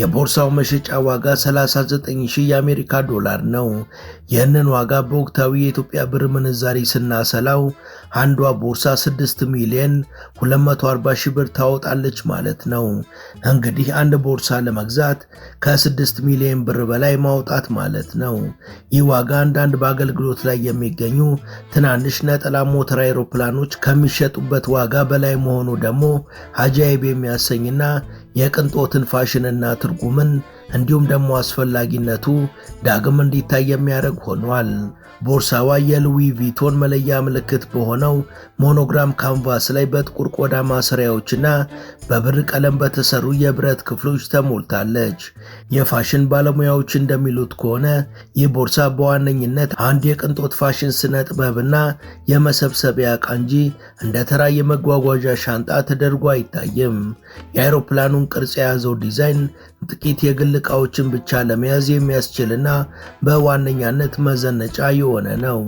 የቦርሳው መሸጫ ዋጋ 39000 የአሜሪካ ዶላር ነው። ይህንን ዋጋ በወቅታዊ የኢትዮጵያ ብር ምንዛሪ ስናሰላው አንዷ ቦርሳ 6 ሚሊዮን 240 ሺህ ብር ታወጣለች ማለት ነው። እንግዲህ አንድ ቦርሳ ለመግዛት ከ6 ሚሊዮን ብር በላይ ማውጣት ማለት ነው። ይህ ዋጋ አንዳንድ በአገልግሎት ላይ የሚገኙ ትናንሽ ነጠላ ሞተር አይሮፕላኖች ከሚሸጡበት ዋጋ በላይ መሆኑ ደግሞ አጃይብ የሚያሰኝና የቅንጦትን ፋሽንና ትርጉምን እንዲሁም ደግሞ አስፈላጊነቱ ዳግም እንዲታይ የሚያደርግ ሆኗል። ቦርሳዋ የሉዊ ቪቶን መለያ ምልክት በሆነው ሞኖግራም ካንቫስ ላይ በጥቁር ቆዳ ማሰሪያዎችና በብር ቀለም በተሰሩ የብረት ክፍሎች ተሞልታለች። የፋሽን ባለሙያዎች እንደሚሉት ከሆነ ይህ ቦርሳ በዋነኝነት አንድ የቅንጦት ፋሽን ስነ ጥበብና የመሰብሰቢያ ዕቃ እንጂ እንደ ተራ የመጓጓዣ ሻንጣ ተደርጎ አይታይም። የአይሮፕላኑ ቅርጽ የያዘው ዲዛይን ጥቂት የግል ዕቃዎችን ብቻ ለመያዝ የሚያስችልና በዋነኛነት መዘነጫ የሆነ ነው።